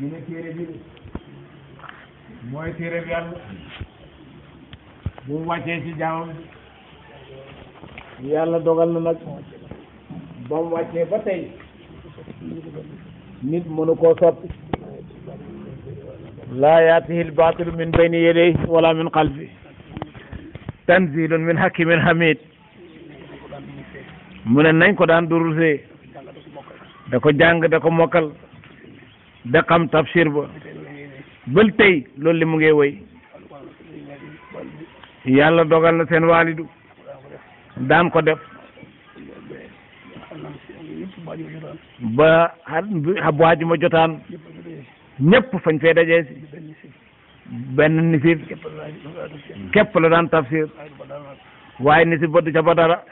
ñu ne téere bi mooy téere bi yàlla bu mu wàccee ci jaamam yàlla min bayni yedey wala min xalfi tanzilun min hakimin hamid mu ne nañ ko daan durusee da ko jàng da ko mokkal da xam tafsir ba bal tey loolu li mu ngi woy yàlla dogal na seen waalidu daan ko def ba bu àjjuma jotaan ñëpp fañ fee dajee si benn nisir képp la daan tafsir waaye nisir ba du ca ba dara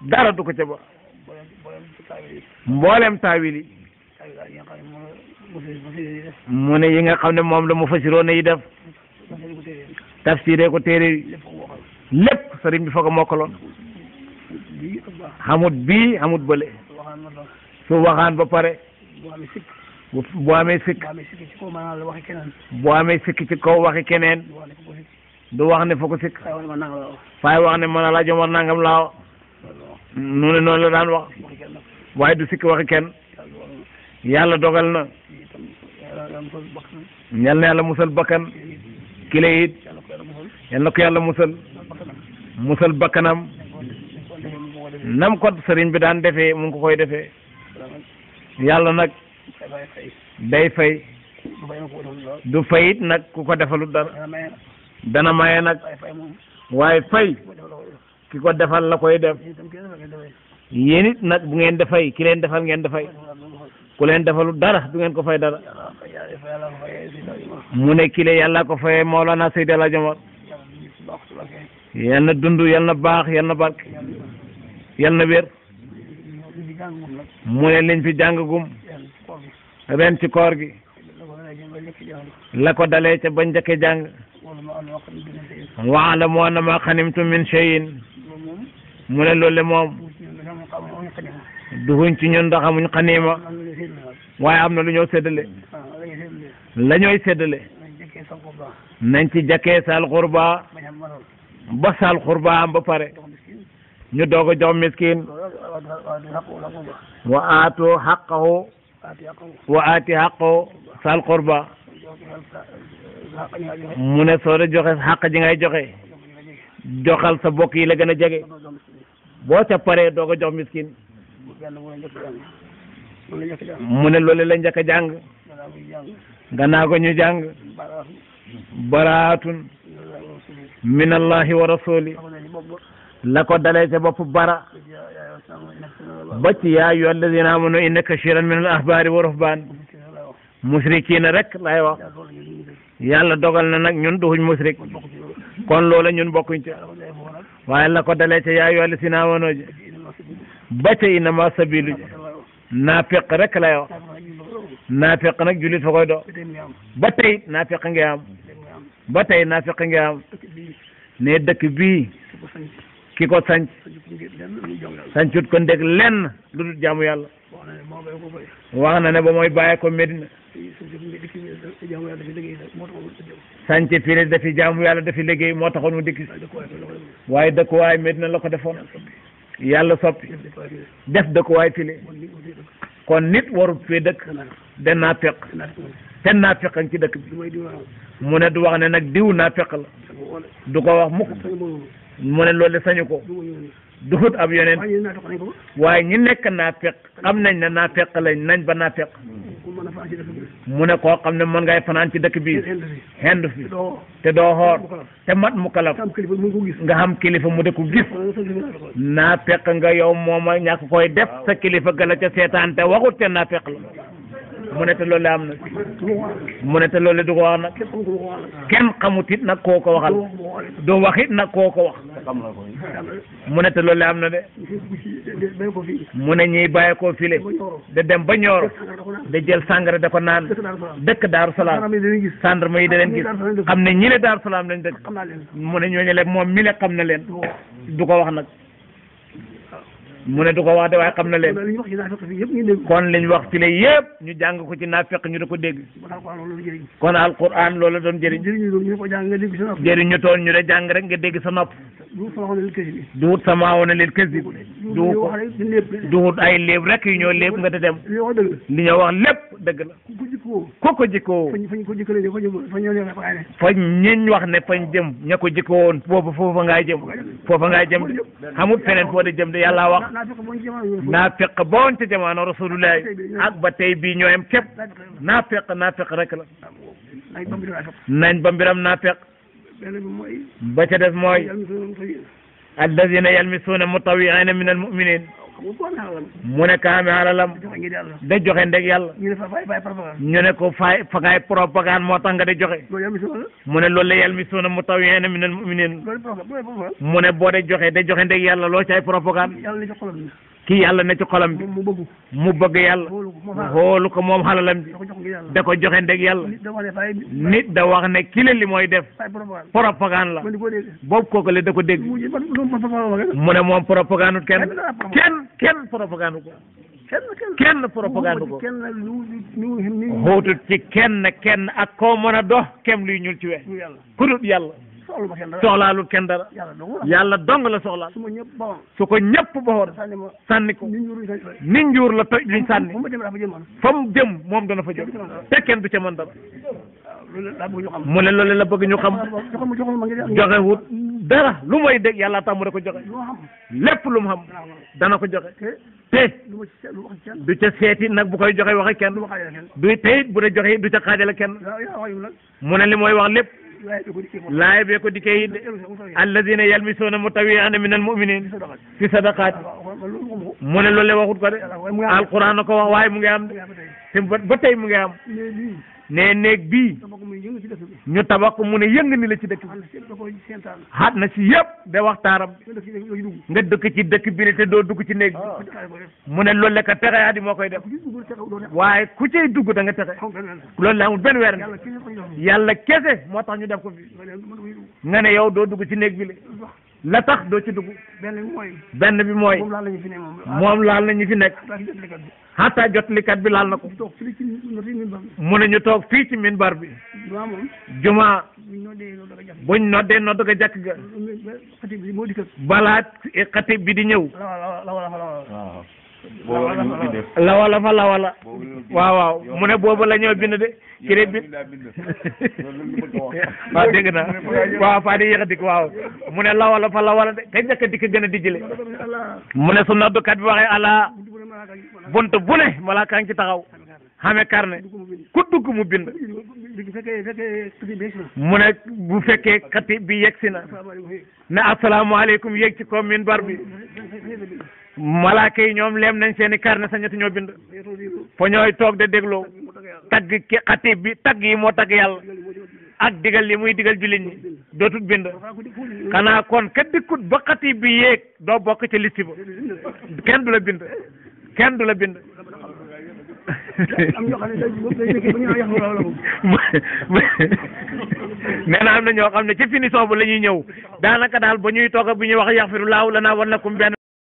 dara du ko ca ba mboolem taawil mu ne yi nga xam ne moom la mu fasiroon yi def tafsiree ko téere lépp sëriñ bi foog a mokkaloon xamut bii xamut bële su waxaan ba pare bu amee sikk bu amee sikk ci kaw waxi keneen du wax ne fa ko fay wax ne mën a laa jomoon nangam laaw nu ne noonu la daan wax waaye du sikk waxi kenn yàlla dogal na ñal na yàlla musal bakkan kile it ko yàlla musal musal bakkanam nam ko sëriñ bi daan defee mu ko koy defee yàlla nag day fay du fayit nag ku ko defalu dara dana maye nag waaye fay ki ko defal la koy def yéen nag bu ngeen defay ki leen defal ngeen defay ku leen defalu dara du ko fay dara mu ne kile yàlla ko fayee Mawlana Seydi El Hadji Omar yal na baax yal na barke yal na mu ne liñ fi jàngagum ren koor gi la ko dalee ca ba njëkke jàng waalamu anna ma xanimtum min cheyin mu ne loolu moom duguñ ci ñun ndax amuñ xaniima waaye am na lu ñoo séddale la ñooy séddale nañ ci jakkee sal ba sal xurba am ba pare ñu doog jox miskin wa aatu xaqahu wa aati xaqahu sal xurba mu ne soo de joxe xaq ji ngay joxe joxal sa bokk gën a jege boo ca paree doo ko jox miskin mu ne loolu la njëkk a jàng gannaaw ko ñu jàng baraatun min allahi wa rasuli la ko dalee ca bopp bara ba ci yaa ayyuha alladina amanu inna kasiran min al ahbaari wa ruhbaan musrikiina rek lay wax yàlla dogal na nag ñun duxuñ musrik kon loola ñun bokkuñ ca waaye la ko dalee ca yaay yooli si naa woonoo ji ba ca inama sabilu ji naafiq rek lay naafiq nag julit fa doo ba tey naafiq nga ba tey naafiq nga ne dëkk bii ki ko sanc sancut ko ndeg lenn lu dul jaamu yàlla wax na ne ba mooy bàyyi ko Medina sànce Pire dafi jaamu yàlla dafi liggéey moo taxoon mu dikki waaye dëkkuwaay Medina la ko defoon yàlla soppi def dëkkuwaay Pire kon nit warut fee dëkk de naafeq te naafeq ci dëkk bi mu ne du wax ne nag diw naafeq la du ko wax mukk mu ne loolu de sañu ko duxut ab yoneen waaye ñi nekk naafeq am nañ ne naafeq lañ nañ ba naafeq mu ne koo xam ne mën ngay fanaan ci dëkk bi xend fi te doo xoor te mat mu kalaf nga xam kilifa mu de ko gis naa peq nga yow mooma ñàkk koy def sa kilifa gala ca seetaan te waxut te naa fekk la mu ne te loolu am na mu ne te loolu du ko wax nag kenn xamut it nag koo ko waxal du waxit nag koo ko wax mu ne te loolu am na de mu ne ñuy bàyyi koo file da dem ba ñooro da jël sàngara da ko naan dëkk Daaru Salaam gendarme yi da leen gis xam ne ñi ne Daaru Salaam lañ dëkk mu ne ñooñu le moom mi le xam na leen du ko wax nag mu ne du ko wax de waaye xam na leen kon liñ wax fi la yëpp ñu jàng ko ci naafeq ñu da ko dégg kon alquran loolu doon jëriñ jëriñu toon ñu da jàng rek nga dégg sa nopp duhut samaawo na leen kësib duhut duhut ay léeb rek yu ñoo léeb nga da dem li ñoo wax lépp dëgg la ku ko jikkoo fañ ñiñ wax ne fañ jëm ña ko jikkoo woon foofu foofa ngaa jëm foofa ngaa jëm de xamut feneen foo de jëm de yàlla wax naafiq boon ca jamono rasulullahi ak ba tey bii ñooyam képp naafiq naafiq rek la nañ ba mbiram naafiq ba ca def mooy allazina yalmisuuna mutawiina min almuminin mu ne kaame alalam da joxe ndeg yàlla ñu ne ko fay fa ngay propagande moo tax nga de joxe mu ne loolu la yalmisuuna mutawwi'iina minal mu'miniin mu ne boo de joxe da joxe ndeg yàlla loo cay propagande kii yàlla ne ci xolam bi mu bëgg yàlla mu xoolu ko moom xalalam bi da ko joxe ndeg yàlla nit da wax ne ki la li mooy def propagande la boobu kooku la da ko dégg mu ne moom propagande kenn kenn kenn propagande ko kenn propagande ko xuutut ci kenn kenn ak koo mën a dox kem luy ñuul ci we ku dut yàlla soxlaalu kenn dara yàlla dong la soxlaal su ko ñëpp bowoon sànni ko ni njuur la toj liñ sànni fa mu jëm moom dana fa jëm te kenn du ca mën dara mu ne loolu la bëgg ñu xam joxe wut dara lu may dégg yàlla tax mu da ko joxe lépp lu mu xam dana ko joxe te du ca seeti nag bu koy joxe waxe kenn du tey bu dee joxe du ca xaajale kenn mu ne li mooy wax lépp laay bee ko dikkee yi alladina yalmisuuna mutawiana min almuminin fi sadaqaati mu ne loolu waxut ko de alquran na ko wax waaye mu ngi am de te ba ba tey mu ngi am. nee néeg bii ñu tabax ko mu ne yëng ni la ci dëkk bi xaat na si yëpp da waxtaaram nga dëkk ci dëkk bi ne te doo dugg ci néeg bi ah. mu ne loolu la ka pexe yaa di moo koy def waaye ku cay dugg da nga pexe loolu la amul benn weer nga yàlla kese moo tax ñu def ko fi nga ne yow doo dugg ci néeg bi le la tax doo ci dugg benn bi mooy moom laal ñu fi nekk xataa jotlikat bi laal na ko. mu ne ñu toog fii ci minbar bi. juma. buñ noddee nodd ga jàkk ga. balaa xatib bi di ñëw. lawala fa lawala. waaw waaw mu ne boobu la ñëw bind de. kii bi waaw dégg naa waaw faa di yéex a dikk waaw mu ne lawala fa lawala de kañ njëkk a dikk gën a dijjale. mu ne su noddukat bi waxee allah. bunt bu ne malaaka ngi ci taxaw xame carnet ku dugg mu bind mu ne bu fekkee xati bi yegsi na ne asalaamaaleykum yegg ci ko min bar bi malaaka yi ñoom leem nañ seeni carnet sa ñetti ñoo bind fa ñooy toog de dégloo tagg ki xati bi tagg yi moo tagg yàlla ak digal li muy digal jullit ñi dootut bind xanaa kon ka ba xati bi yéeg doo bokk ci liste ba kenn du la bind kenn du la bind. am na ñoo xam ne na am na ñoo xam ne ci finition bu la ñuy ñëw daanaka daal ba ñuy toog bu ñuy wax yaxfiru laahu naa wa na benn.